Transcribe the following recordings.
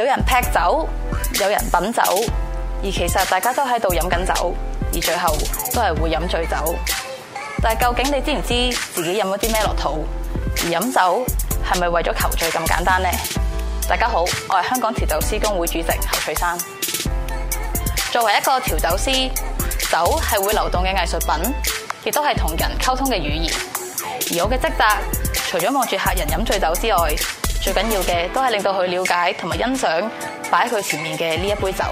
有人劈酒，有人品酒，而其實大家都喺度飲緊酒，而最後都係會飲醉酒。但係究竟你知唔知自己飲咗啲咩落肚？而飲酒係咪為咗求醉咁簡單呢？大家好，我係香港調酒師工會主席侯翠珊。作為一個調酒師，酒係會流動嘅藝術品，亦都係同人溝通嘅語言。而我嘅職責，除咗望住客人飲醉酒之外，最緊要嘅都係令到佢了解同埋欣賞擺喺佢前面嘅呢一杯酒。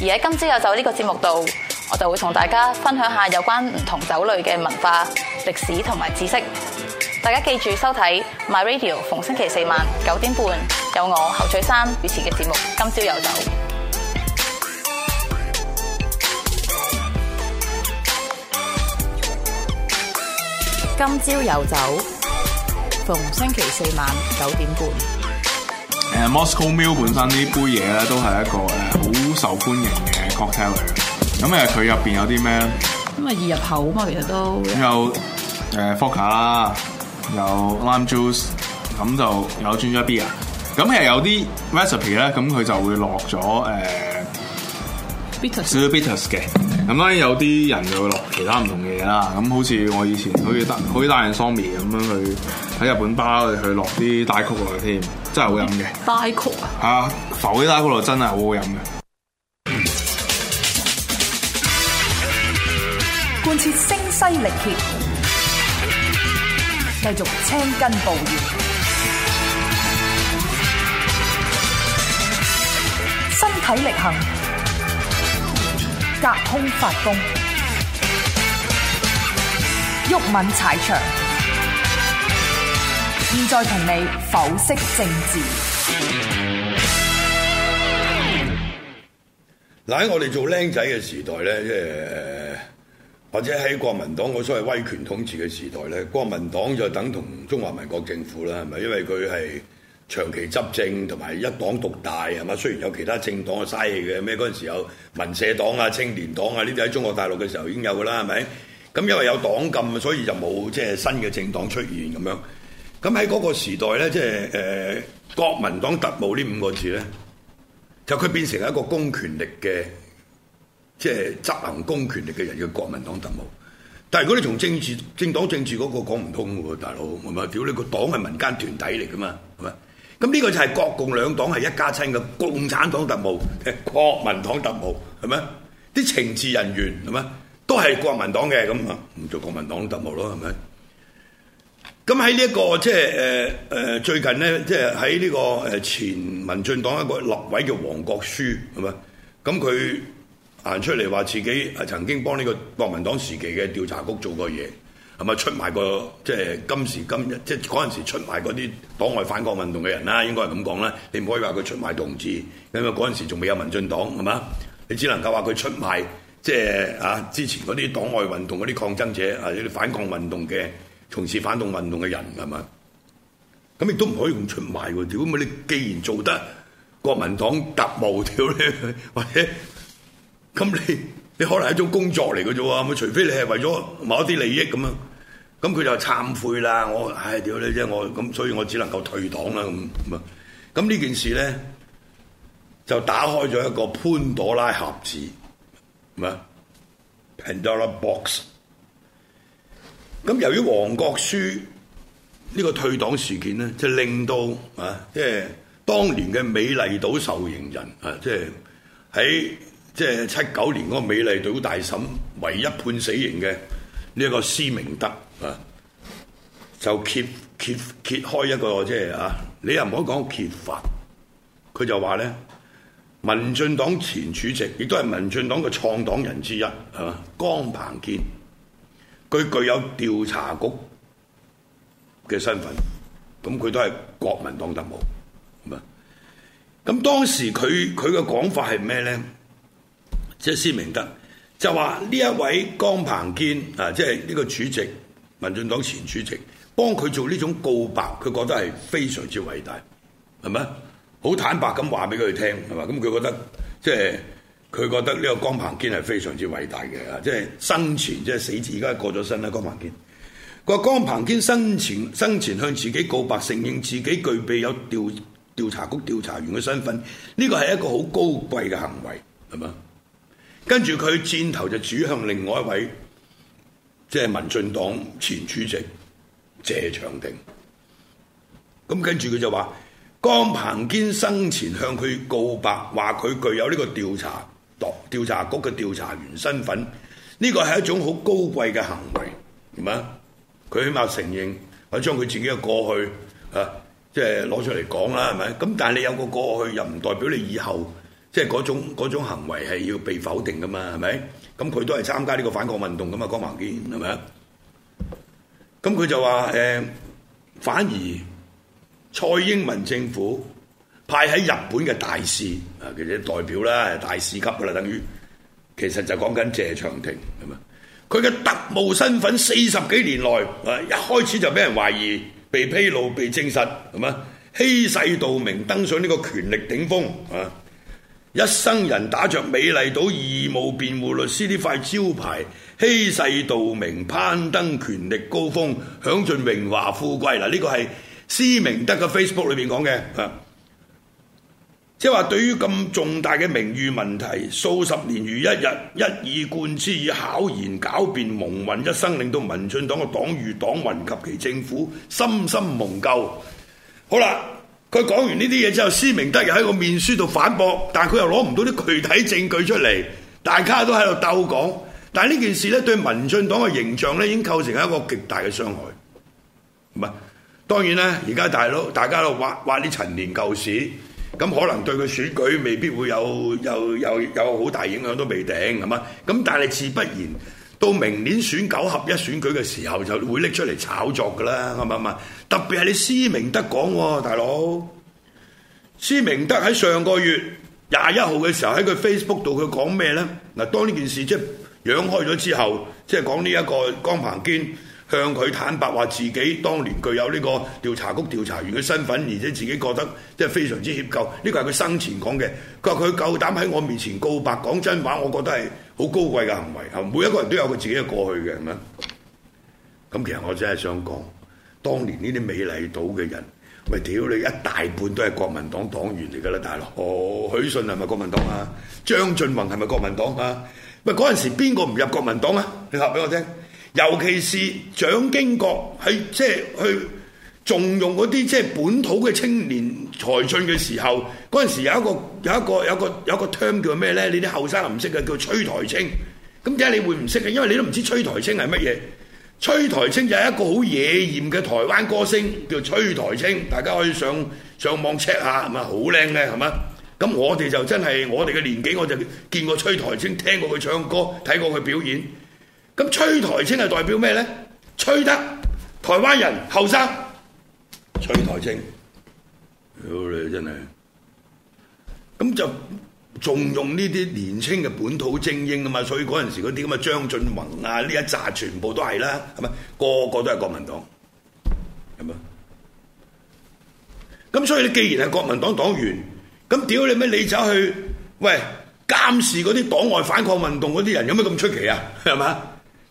而喺今朝有酒呢個節目度，我就會同大家分享下有關唔同酒類嘅文化、歷史同埋知識。大家記住收睇 My Radio 逢星期四晚九點半有我侯翠珊主持嘅節目《今朝有酒》。今朝有酒。逢星期四晚九點半。誒、uh,，Moscow Mule 本身杯呢杯嘢咧，都係一個誒好、呃、受歡迎嘅 cocktail 嚟嘅。咁誒，佢入邊有啲咩？咁啊，易入口啊嘛，其實都。有誒 vodka 啦、啊，有 lime juice，咁就有 ginger beer 咁誒，有啲 recipe 咧，咁佢就會落咗誒 bitter bitters 嘅。咁當然有啲人就會落其他唔同嘅嘢啦。咁好似我以前好似帶可以帶嘅 sour mix 咁樣去。喺日本包嚟去落啲大曲落去添，真係好飲嘅。大曲啊！ 啊，浮啲大曲落去真係好好飲嘅。貫徹聲嘶力竭，繼續青筋暴現，身體力行，隔空發功，毓民踩場。現在同你剖析政治。喺我哋做僆仔嘅時代咧，即係或者喺國民黨所謂威權統治嘅時代咧，國民黨就等同中華民國政府啦，係咪？因為佢係長期執政同埋一黨獨大，係嘛。雖然有其他政黨嘥氣嘅咩，嗰陣時候有民社黨啊、青年黨啊呢啲喺中國大陸嘅時候已經有噶啦，係咪？咁因為有黨禁，所以就冇即係新嘅政黨出現咁樣。咁喺嗰個時代咧，即係誒國民黨特務呢五個字咧，就佢變成一個公權力嘅，即係執行公權力嘅人叫國民黨特務。但係如果你從政治政黨政治嗰個講唔通嘅喎，大佬，我咪屌你個黨係民間團體嚟噶嘛，係咪？咁呢個就係國共兩黨係一家親嘅，共產黨特務誒國民黨特務係咪？啲情治人員係咪？都係國民黨嘅咁啊，唔做國民黨特務咯，係咪？咁喺呢一個即係誒誒最近咧，即係喺呢個誒前民進黨一個立委嘅黃國書，係咪？咁佢行出嚟話自己係曾經幫呢個國民黨時期嘅調查局做過嘢，係咪出賣過即係今時今日即係嗰陣時出賣嗰啲黨外反抗運動嘅人啦？應該係咁講啦。你唔可以話佢出賣同志，因為嗰陣時仲未有民進黨，係咪啊？你只能夠話佢出賣即係啊之前嗰啲黨外運動嗰啲抗爭者啊，啲反抗運動嘅。從事反動運動嘅人係嘛？咁亦都唔可以用出賣喎！屌，咪你既然做得國民黨特務，屌你，或者咁你你可能係一種工作嚟嘅啫喎！咁除非你係為咗某一啲利益咁樣，咁佢就懺悔啦！我唉，屌你啫！我咁，所以我只能夠退黨啦咁。咁呢件事咧就打開咗一個潘朵拉盒子，嘛，Pandora Box。咁由於黃國書呢個退黨事件呢，就令到啊，即係當年嘅美麗島受刑人啊，即係喺即係七九年嗰個美麗島大審唯一判死刑嘅呢一個施明德啊，就揭揭揭開一個即係啊，你又唔好講揭發，佢就話咧，民進黨前主席亦都係民進黨嘅創黨人之一，係嘛？江鵬堅。佢具有調查局嘅身份，咁佢都係國民黨特務，咁啊！咁當時佢佢嘅講法係咩咧？即係施明德就話呢一位江鵬堅啊，即係呢個主席、民進黨前主席，幫佢做呢種告白，佢覺得係非常之偉大，係咪？好坦白咁話俾佢哋聽，係嘛？咁佢覺得即係。佢覺得呢個江鵬堅係非常之偉大嘅啊！即係生前，即係死而家過咗身啦。江鵬堅，佢話江鵬堅生前生前向自己告白，承認自己具備有調調查局調查員嘅身份，呢個係一個好高貴嘅行為，係嘛？跟住佢箭頭就指向另外一位，即係民進黨前主席謝長廷。咁跟住佢就話江鵬堅生前向佢告白，話佢具有呢個調查。當調查局嘅調查員身份，呢個係一種好高貴嘅行為，係咪？佢起碼承認，佢將佢自己嘅過去啊，即係攞出嚟講啦，係咪？咁但係你有個過去，又唔代表你以後，即係嗰種嗰種行為係要被否定噶嘛，係咪？咁、嗯、佢都係參加呢個反抗運動噶嘛，啊，江華堅係咪？咁佢就話誒，呃，反而蔡英文政府。派喺日本嘅大使啊，其實代表啦，大使級噶啦，等於其實就講緊謝長廷係嘛，佢嘅特務身份四十幾年來啊，一開始就俾人懷疑，被披露，被證實，係嘛，欺世盜名，登上呢個權力頂峰啊，一生人打着美麗島義務辯護律，律師呢塊招牌，欺世盜名，攀登權力高峰，享盡榮華富貴。嗱，呢個係施明德嘅 Facebook 裏面講嘅啊。即係話，對於咁重大嘅名譽問題，數十年如一日，一以貫之以，以巧言狡辯蒙混一生，令到民進黨嘅黨與黨民及其政府深深蒙垢。好啦，佢講完呢啲嘢之後，施明德又喺個面書度反駁，但係佢又攞唔到啲具體證據出嚟，大家都喺度鬥講。但係呢件事咧，對民進黨嘅形象咧，已經構成一個極大嘅傷害。唔係，當然啦，而家大佬大家都挖挖啲陳年舊事。咁可能對佢選舉未必會有又又有好大影響都未定係嘛？咁但係自不然，到明年選九合一選舉嘅時候就會拎出嚟炒作㗎啦，係咪嘛？特別係你施明德講喎，大佬施明德喺上個月廿一號嘅時候喺佢 Facebook 度佢講咩呢？嗱，當呢件事即係揚開咗之後，即係講呢一個江鵬堅。向佢坦白話自己當年具有呢個調查局調查員嘅身份，而且自己覺得即係非常之歉疚。呢個係佢生前講嘅。佢話佢夠膽喺我面前告白，講真話，我覺得係好高貴嘅行為。每一個人都有佢自己嘅過去嘅，係咪？咁其實我真係想講，當年呢啲美麗島嘅人，喂，屌你一大半都係國民黨黨員嚟㗎啦，大佬。許信係咪國民黨啊？張俊宏係咪國民黨啊？喂，嗰陣時邊個唔入國民黨啊？你話俾我聽。尤其是蔣經國喺即係去重用嗰啲即係本土嘅青年才俊嘅時候，嗰陣時有一個有一個有一個有一個 term 叫咩呢？你啲後生唔識嘅叫催台青。咁點解你會唔識嘅？因為你都唔知催台青係乜嘢。催台青就係一個好野艷嘅台灣歌星，叫催台青。大家可以上上網 check 下，係咪好靚嘅？係咪？咁我哋就真係我哋嘅年紀，我就見過催台青，聽過佢唱歌，睇過佢表演。咁吹台青係代表咩咧？吹得台灣人後生，吹台青，屌你真係！咁就重用呢啲年輕嘅本土精英啊嘛，所以嗰陣時嗰啲咁嘅張俊宏啊，呢一紮全部都係啦，係咪個個都係國民黨？係咪？咁所以你既然係國民黨黨員，咁屌你咩？你走去喂監視嗰啲黨外反抗運動嗰啲人，有乜咁出奇啊？係嘛？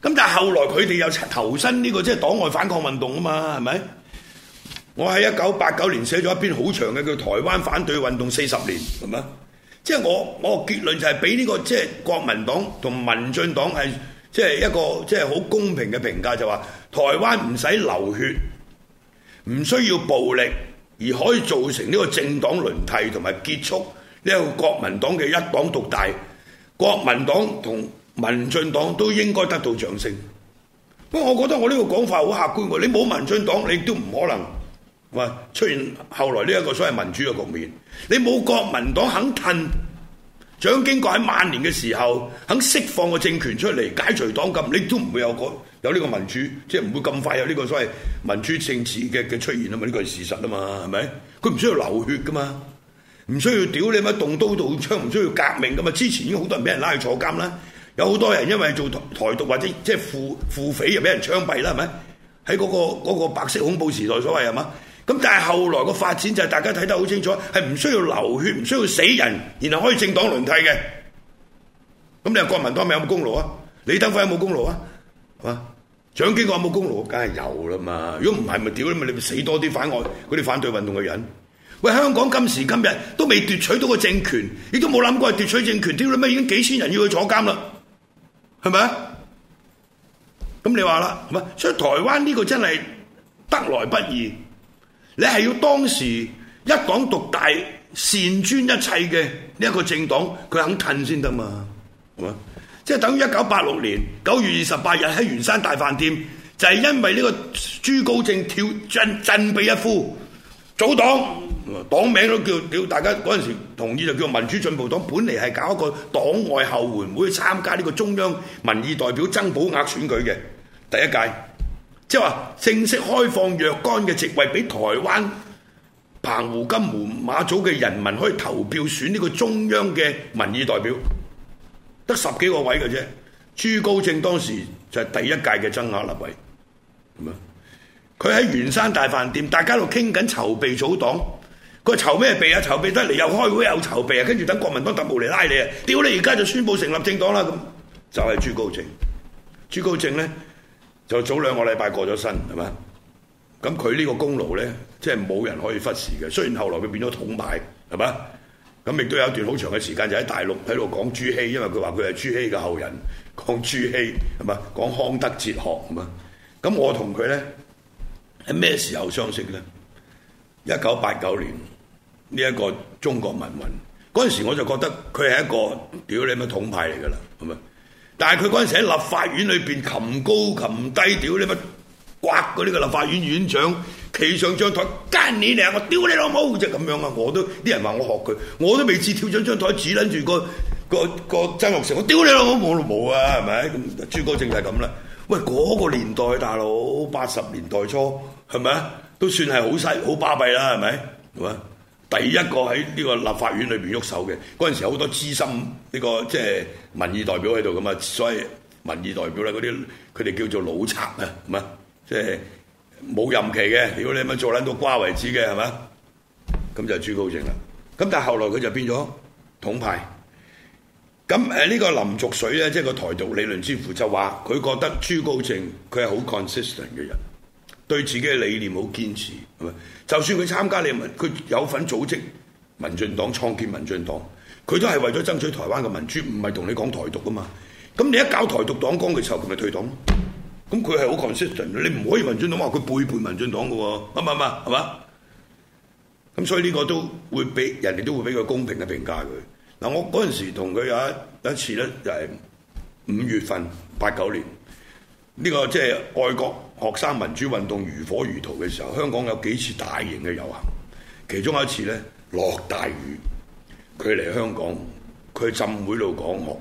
咁但係後來佢哋又投身呢個即係黨外反抗運動啊嘛，係咪？我喺一九八九年寫咗一篇好長嘅叫《台灣反對運動四十年》，係嘛？即係我我結論就係俾呢個即係國民黨同民進黨係即係一個即係好公平嘅評價，就話台灣唔使流血，唔需要暴力而可以造成呢個政黨輪替同埋結束呢個國民黨嘅一黨獨大，國民黨同民進黨都應該得到掌聲，不過我覺得我呢個講法好客觀喎。你冇民進黨，你都唔可能話出現後來呢一個所謂民主嘅局面。你冇國民黨肯褪，蔣經國喺萬年嘅時候肯釋放個政權出嚟解除黨禁，你都唔會有個有呢個民主，即係唔會咁快有呢個所謂民主政治嘅嘅出現啊嘛！呢個係事實啊嘛，係咪？佢唔需要流血噶嘛，唔需要屌你乜動刀動槍，唔需要革命噶嘛。之前已經好多人俾人拉去坐監啦。有好多人因為做台獨或者即係腐腐匪又俾人槍斃啦，係咪？喺嗰個嗰個白色恐怖時代所謂係嘛？咁但係後來個發展就係大家睇得好清楚，係唔需要流血，唔需要死人，然後可以政黨輪替嘅。咁你話國民黨咪有冇功勞啊？李登輝有冇功勞啊？啊，蔣經國有冇功勞？梗係有啦嘛！如果唔係咪屌你咪你死多啲反外嗰啲反對運動嘅人。喂，香港今時今日都未奪取到個政權，亦都冇諗過係奪取政權，屌你乜已經幾千人要去坐監啦？係咪咁你話啦，係嘛？所以台灣呢個真係得來不易，你係要當時一黨獨大，善專一切嘅呢一個政黨，佢肯褪先得嘛？係嘛？即係等於一九八六年九月二十八日喺圓山大飯店，就係、是、因為呢個朱高正跳進振臂一呼，組黨。黨名都叫，大家嗰陣時同意就叫民主進步黨。本嚟係搞一個黨外後援會，參加呢個中央民意代表增補額選舉嘅第一屆，即係話正式開放若干嘅席位俾台灣、澎湖、金門、馬祖嘅人民可以投票選呢個中央嘅民意代表，得十幾個位嘅啫。朱高正當時就係第一屆嘅增額立委，咁樣佢喺圓山大飯店，大家喺度傾緊籌備組黨。佢籌咩備啊？籌備得嚟又開會又籌備啊！跟住等國民黨特務嚟拉你啊！屌你！而家就宣佈成立政黨啦咁，就係朱高正。朱高正咧就早兩個禮拜過咗身係嘛？咁佢呢個功勞咧，即係冇人可以忽視嘅。雖然後來佢變咗統派係嘛？咁亦都有一段好長嘅時間就喺大陸喺度講朱熹，因為佢話佢係朱熹嘅後人，講朱熹係嘛？講康德哲學嘛？咁我同佢咧喺咩時候相識咧？一九八九年。呢一個中國文運嗰陣時，我就覺得佢係一個屌你乜統派嚟㗎啦，係咪？但係佢嗰陣時喺立法院裏邊擒高擒低，屌你乜刮過呢個立法院院長，企上張台奸你嚟啊！我屌你老母，就係咁樣啊！我都啲人話我學佢，我都未至跳上張台指撚住個個個，個曾鈺成，我屌你老母，我冇啊，係咪？朱高正就係咁啦。喂，嗰、那個年代大佬八十年代初係咪啊？都算係好犀好巴閉啦，係咪？是第一個喺呢個立法院裏邊喐手嘅陣時好多資深呢、這個即係、就是、民意代表喺度噶嘛，所以民意代表咧啲佢哋叫做腦賊啊，係係即係冇任期嘅，屌你咪做捻到瓜為止嘅，係嘛？咁就朱高正啦。咁但係後來佢就變咗統派。咁誒呢個林濁水咧，即係個台獨理論之父就話佢覺得朱高正佢係好 consistent 嘅人。對自己嘅理念好堅持，係咪？就算佢參加你民，佢有份組織民進黨，創建民進黨，佢都係為咗爭取台灣嘅民主，唔係同你講台獨噶嘛。咁你一搞台獨黨綱嘅時候，佢咪退黨咯？咁佢係好 consistent，你唔可以民進黨話佢背叛民進黨嘅喎，唔唔唔，係嘛？咁所以呢個都會俾人哋都會俾佢公平嘅評價佢。嗱，我嗰陣時同佢有一一次咧，就係、是、五月份八九年，呢、這個即係愛國學生民主運動如火如荼嘅時候，香港有幾次大型嘅遊行，其中一次呢落大雨，佢嚟香港，佢浸會度講學，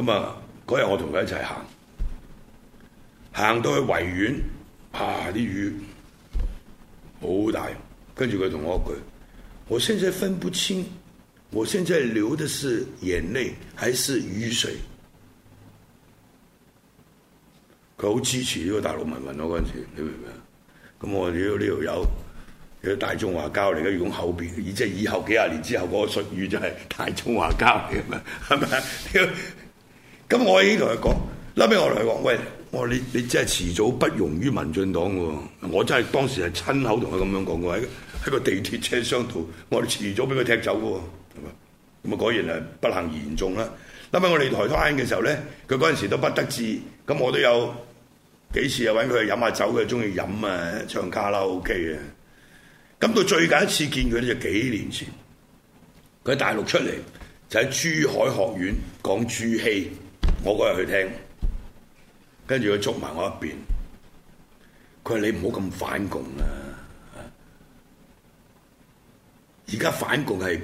咁啊嗰日我同佢一齊行，行到去維園，啊啲雨好大，跟住佢同我講一句，我現在分不清，我現在流的是眼淚還是雨水。佢好支持呢個大陸文運咯，嗰陣時你明唔明啊？咁我話呢度有佢大中華膠嚟嘅，如果後邊以即係以後幾十年之後嗰個術語就係大中華膠嚟啊嘛，係咪咁我已經同佢講，拉尾我同佢講，喂，我話你你即係遲早不容於民進黨喎，我真係當時係親口同佢咁樣講過，喺喺個地鐵車廂度，我哋遲早俾佢踢走嘅喎，係咁啊果然係不幸言中啦。拉尾我哋台灣嘅時候咧，佢嗰陣時都不得志，咁我都有。幾時啊，揾佢去飲下酒，佢中意飲啊，唱卡拉 OK 啊。咁到最近一次見佢呢，就幾年前，佢喺大陸出嚟就喺珠海學院講朱熹，我嗰日去聽，跟住佢捉埋我一邊，佢話你唔好咁反共啊！而家反共係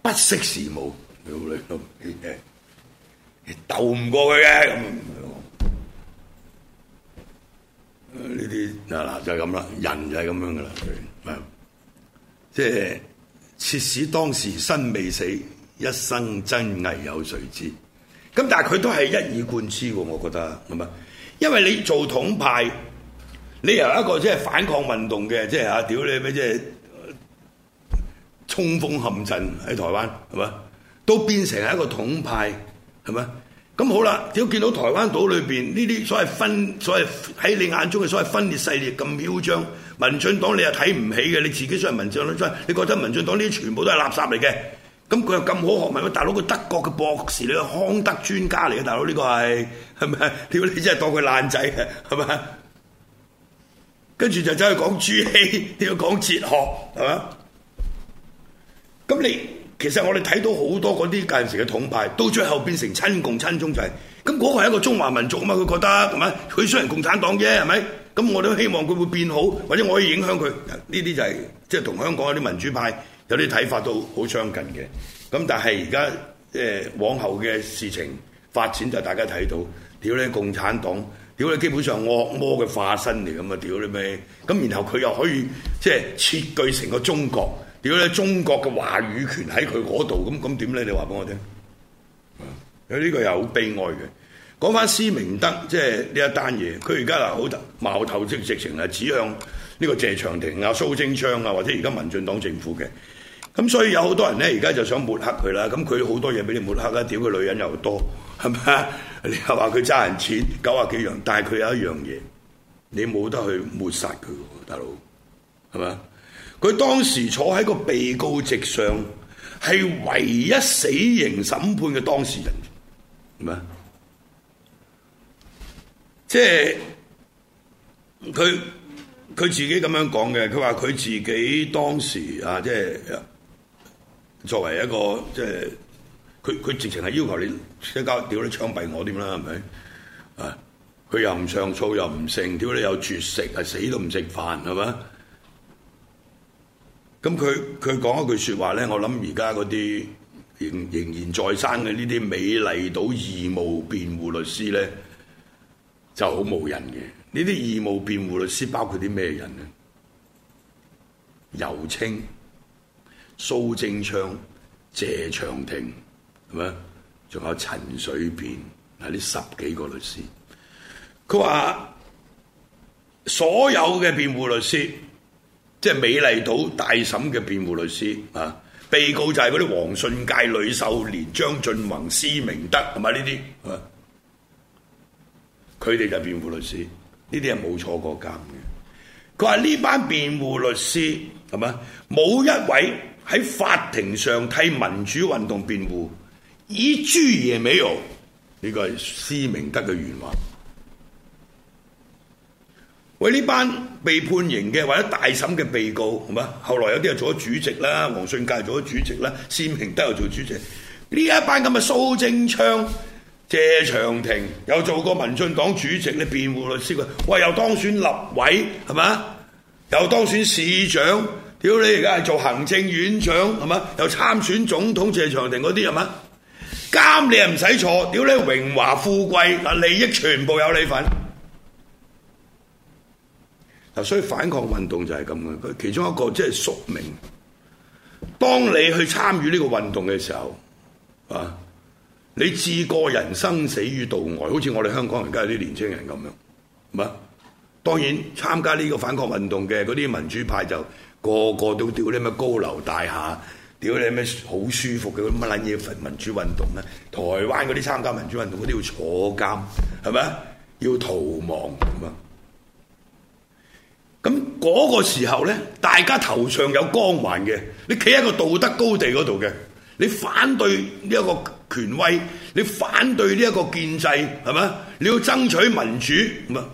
不識時務，你老味，你鬥唔過佢嘅咁。呢啲嗱嗱就係咁啦，人就係咁樣噶啦，即係設使當時身未死，一生真偽有誰知？咁但係佢都係一以貫之喎，我覺得係咪？因為你做統派，你由一個即係反抗運動嘅，即係嚇屌你咩，即係衝鋒陷陣喺台灣，係咪？都變成係一個統派係咪？咁好啦，屌！見到台灣島裏邊呢啲所謂分，所謂喺你眼中嘅所謂分裂勢力咁囂張，民進黨你又睇唔起嘅，你自己上民進黨出嚟，你覺得民進黨呢啲全部都係垃圾嚟嘅。咁佢又咁好學問，大佬佢德國嘅博士嚟，康德專家嚟嘅，大佬呢個係係咪？屌！你真係當佢爛仔嘅係咪？跟住就走去講朱熹，你要講哲學係嘛？咁你？其實我哋睇到好多嗰啲屆時嘅統派，到最後變成親共親中就係，咁嗰個係一個中華民族啊嘛，佢覺得係咪？佢雖然共產黨啫，係咪？咁我都希望佢會變好，或者我可以影響佢。呢啲就係、是、即係同香港嗰啲民主派有啲睇法都好相近嘅。咁但係而家誒往後嘅事情發展就大家睇到，屌你共產黨，屌你基本上惡魔嘅化身嚟咁啊！屌你咩？咁，然後佢又可以即係切割成個中國。如果你！中國嘅話語權喺佢嗰度，咁咁點咧？你話俾我聽。所、嗯、呢、呢個又好悲哀嘅。講翻施明德，即係呢一單嘢，佢而家嗱好矛頭即直，直情係指向呢個謝長廷啊、蘇貞昌啊，或者而家民進黨政府嘅。咁所以有好多人咧，而家就想抹黑佢啦。咁佢好多嘢俾你抹黑啦，屌佢女人又多，係咪？你又話佢揸人錢九啊幾樣，但係佢有一樣嘢，你冇得去抹殺佢嘅，大佬係咪？佢當時坐喺個被告席上，係唯一死刑審判嘅當事人，咩？即係佢佢自己咁樣講嘅，佢話佢自己當時啊，即係作為一個即係，佢佢直情係要求你即刻屌你槍斃我添啦，係咪？啊，佢又唔上訴又唔成，屌你又絕食，係死都唔食飯，係咪？咁佢佢講一句説話咧，我諗而家嗰啲仍仍然在生嘅呢啲美麗島義務辯護律師咧，就好無人嘅。呢啲義務辯護律師包括啲咩人咧？尤清、蘇貞昌、謝長廷，係咪？仲有陳水扁，呢啲十幾個律師。佢話所有嘅辯護律師。即係美麗島大審嘅辯護律師啊，被告就係嗰啲黃信介、呂秀蓮、張俊宏、施明德，係咪呢啲？佢哋就辯護律師，呢啲人冇坐過監嘅。佢話呢班辯護律師係咪？冇一位喺法庭上替民主運動辯護，以豬野美容呢、呢個係施明德嘅原話。喂，呢班被判刑嘅或者大審嘅被告，係嘛？後來有啲人做咗主席啦，黃信介做咗主席啦，施明德都有做主席。呢一班咁嘅蘇貞昌、謝長廷有做過民進黨主席咧，辯護律師喂，又當選立委係嘛？又當選市長，屌你而家係做行政院長係嘛？又參選總統謝長廷嗰啲係嘛？監你又唔使坐，屌你榮華富貴嗱，利益全部有你份。所以反抗運動就係咁嘅，佢其中一個即係宿命。當你去參與呢個運動嘅時候，啊，你置個人生死於度外，好似我哋香港而家啲年青人咁樣，係嘛。當然參加呢個反抗運動嘅嗰啲民主派就個個都屌你咩高樓大廈，屌你咩好舒服嘅乜撚嘢民主運動咧。台灣嗰啲參加民主運動嗰啲要坐監，係咪啊？要逃亡咁啊！咁嗰個時候呢，大家頭上有光環嘅，你企喺個道德高地嗰度嘅，你反對呢一個權威，你反對呢一個建制，係咪？你要爭取民主，咁啊，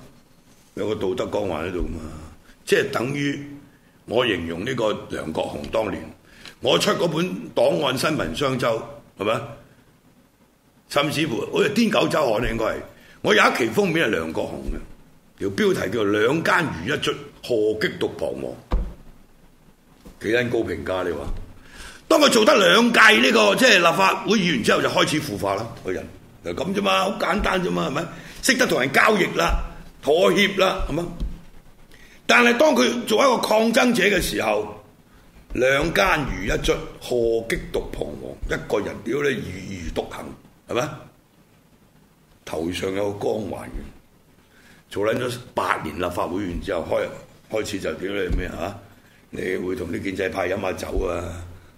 有個道德光環喺度嘛，即係等於我形容呢個梁國雄當年，我出嗰本《檔案新聞雙週》，係咪？甚至乎我係《癲狗周刊》咧，應該係，我有一期封面係梁國雄嘅。條標題叫做《兩間餘一卒，荷戟獨彷徨》。幾斤高評價你話？當佢做得兩屆呢個即係立法會議員之後，就開始腐化啦。個人就咁啫嘛，好簡單啫嘛，係咪？識得同人交易啦，妥協啦，係嘛？但係當佢做一個抗爭者嘅時候，兩間魚《兩間餘一卒，荷戟獨彷徨》，一個人屌你踽踽獨行，係咪？頭上有個光環嘅做撚咗八年立法會員之後，開開始就屌你咩嚇、啊？你會同啲建制派飲下酒啊，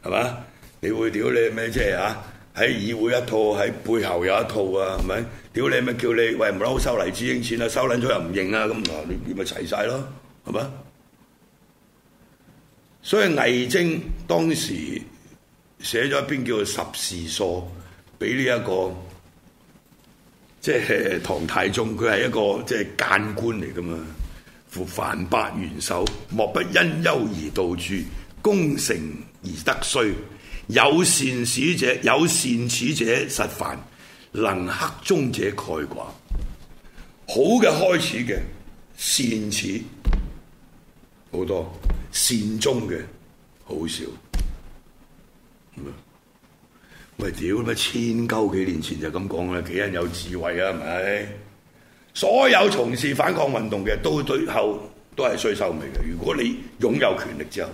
係嘛？你會屌你咩？即係啊喺議會一套，喺背後有一套啊，係咪？屌你咪叫你，叫你喂唔好收黎智英錢啦、啊，收撚咗又唔認啦、啊，咁你咪齊晒咯，係咪？所以魏徵當時寫咗一篇叫做《十事疏》俾呢一個。即係唐太宗，佢係一個即係諫官嚟㗎嘛？凡百元首，莫不因憂而道處，功成而德衰。有善始者，有善始者實繁，能克終者，蓋寡。好嘅開始嘅善始好多，善終嘅好少。喂，屌咩？千鳩幾年前就咁講啦，幾人有智慧啊？係咪？所有從事反抗運動嘅，到最後都係衰收尾嘅。如果你擁有權力之後，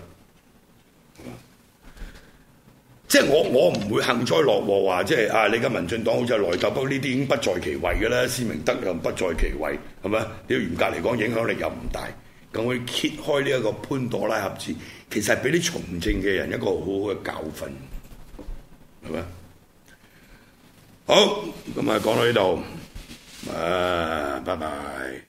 即係我我唔會幸災樂禍話，即係啊！你嘅民進黨好似內鬥，不過呢啲已經不在其位嘅啦。施明德又不在其位，係咪？你要嚴格嚟講，影響力又唔大。咁佢揭開呢一個潘朵拉盒子，其實係俾啲從政嘅人一個好好嘅教訓，係咪？好，咁啊，講到呢度，啊，拜拜。